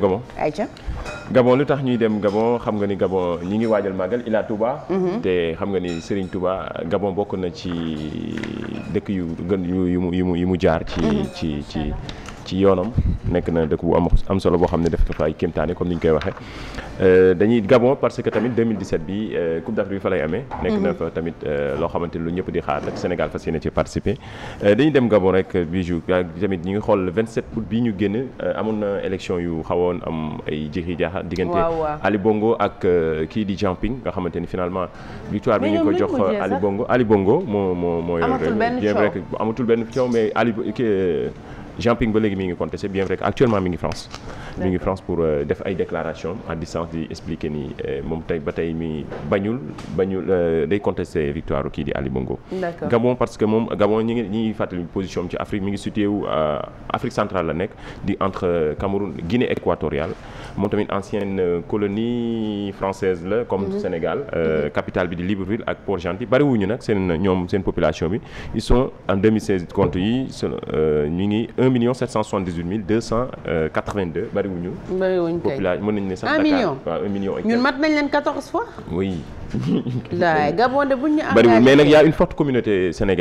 Gabon ayca Gabon lu tax ñuy dem Gabon xam nga ni Gabon ñi ngi waajal màggal Ila Touba. Mhm. te xam nga ni Serigne Touba Gabon bokk na ci dëkk yu gën yu mu yu mu yu mu jaar. ci mhm. ci ci ci yoonam nekk na dëkk bu am solo boo xam ne def na fa ay kéemtaane comme ni ñu koy waxee euh, dañuy Gabon parce que tamit 2017 bi euh, Coupe d'Afrique bi fa lay amee. nekk na mhm. fa tamit euh, loo xamante ni lu ñëpp di xaar rek Sénégal fas yéene ci participer dañuy dem Gabon rek bijou tamit ñu ngi xool le 27 août bi ñu génn amoon na élection yu xawoon am ay jixi jaaxa diggante Ali Bongo ak kii di Jamping nga xamante ni finalement victoire bi ñu ko jox Ali Bongo Ali Bongo moo moo amatul benn coow mais Ali Jean-Ping ba léegi mi ngi compté bien vrai que actuellement mi ngi France mi ngi France pour euh, def ay déclaration à distance di expliquer ni euh, moom tey ba tey mi bañul bañul euh, day contesté victoire kii di Ali Bongo Gabon parce que moom Gabon ñi ngi ñi fàttali position ci Afrique mi ngi situé Afrique centrale la nekk di entre Cameroun Guinée équatoriale moom tamit ancienne colonie française la comme mhm. Sénégal mhm. capitale bi di Libreville ak Port-Gentil bariwuñu nag seen ñoom seen bi ils 1 million 778 mille 282 euh, bariwuñu. bariwuñ kay population mën nañu ne sax. million million. ñun mat nañ leen 14 fois. oui. Gabon de buñ ñu. a une forte communauté euh,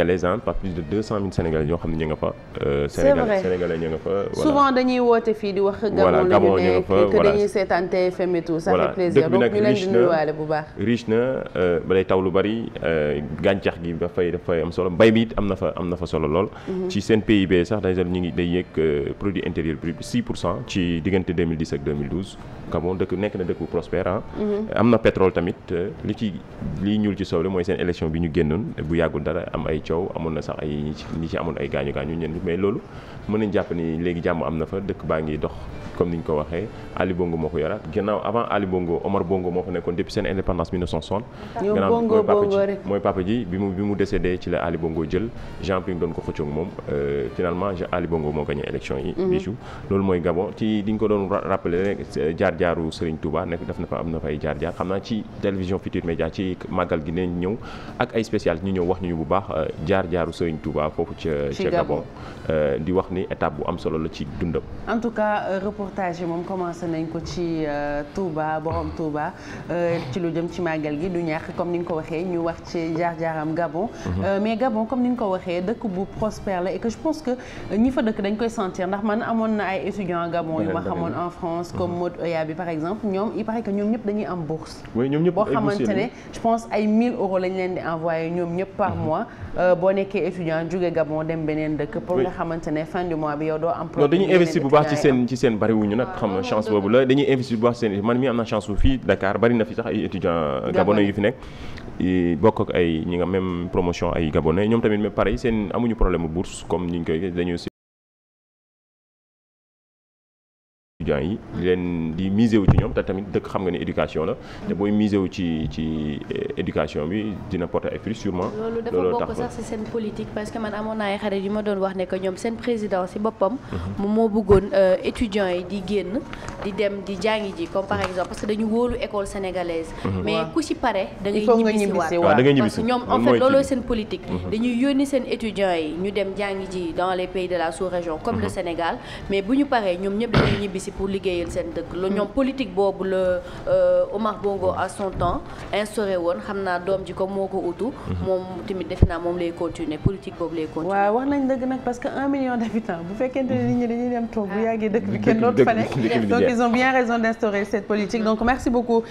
di wax. voilà Gabon ñu nga fa voilà que dañuy seetaan euh, ba day gi dafay dafay am solo mbay mi it am na fa am na fa solo lool. Mhm. ci seen PIB sax dañu ñu ngi ni day yéeg euh, produit intérieur brut bi 6 pour cent ci diggante 2010 ak 2012 Gabon dëkk nekk na dëkk bu prospère ah. mhm. am na pétrole tamit euh, li ci li ñuul ci soble mooy seen élection bi ñu génnoon bu yàggul dara am ay coow amoon na sax ay ñi ci amoon ay gaañu gaañu ñenn mais loolu mën nañ jàpp ni léegi jàmm am na fa dëkk baa ngi dox. comme ni ñu ko waxee Ali Bongo moo ko yoraat ginnaaw avant Ali Bongo Omar Bongo moo fa nekkoon depuis seen indépendance 1960. gannaaw mooy papa ji mooy papa ji bi mu bi mu décédé ci la Ali Bongo jël doon ko xëccoog moom euh, finalement Ali Bongo moo gagné élection yi. Mhm. Euh, jaar jaaru Serigne Touba nekk daf na fa am na fay jaar jaar xam naa ci télévision Futur Média ci màggal gi nañ ñëw ak ay spécial ñu ñëw wax ñu bu baax euh, jaar jaaru Serigne Touba foofu ca ca Gabon di wax ni étape bu am solo la ci dundam. reportage yi moom commencé nañ ko ci euh, Touba borom Touba euh, ci lu jëm ci màggal gi du ñàkk comme ni nga ko waxee ñu wax ci jaar-jaaram Gabon. Mhm. Euh, mais Gabon comme ni nga ko waxee dëkk bu prospère la et que je pense que ñi fa dëkk dañ koy sentir ndax man amoon na ay étudiants Gabon yu ma xamoon en France comme mhm. Maud Oya bi par exemple ñoom il paraît que ñoom ñëpp dañuy am bourse. oui boo xamante je pense ay 1000 euros lañ leen di envoyé ñoom ñëpp par mhm. mois boo nekkee étudiant jóge Gabon wuñu nag xam chance boobu la dañuy investir bu baax seen man mii am naa chance bu fii Dakar bari fi sax ay étudiants euh, gabonais yu fi nekk bokk ay ñi nga même promotion ay gabonais ñoom tamit mais pareil seen amuñu problème bourse comme ñi koy dañuy étudiants leen di misé ci ñoom te tamit dëkk xam nga ne éducation la te booy misé ci ci eh, éducation bi dina porter ay fruits sûrement loolu dafa bokk sax ci seen politique parce que man amoon naa ay xarit ma doon wax ne ñoom seen président ci boppam mhm. moo bëggoon euh, étudiants yi di génn di dem di jàngi ji comme par mhm. exemple parce que dañu wóolu école sénégalaise mhm. mais ku ci pare da ngay ñibbisi waat ah, da ngay ñibbisi ñoom en fait looloo seen politique dañuy yónni seen si pour liggéeyal seen dëkk. la ñoom politique boobu la euh, Omar Bongo à son temps instauré woon xam naa doom ji ko moo ko utu. Mhm. moom tamit defe moom lay continuer politique boobu lay continuer. waaw wax nañ dëgg nag parce que un million d'habitants bu fekkente ne nit dañuy dem toog bu ah. yàggee dëkk bi kenn dootu fa nekk donc ils ont bien raison d'instaurer cette politique donc merci beaucoup.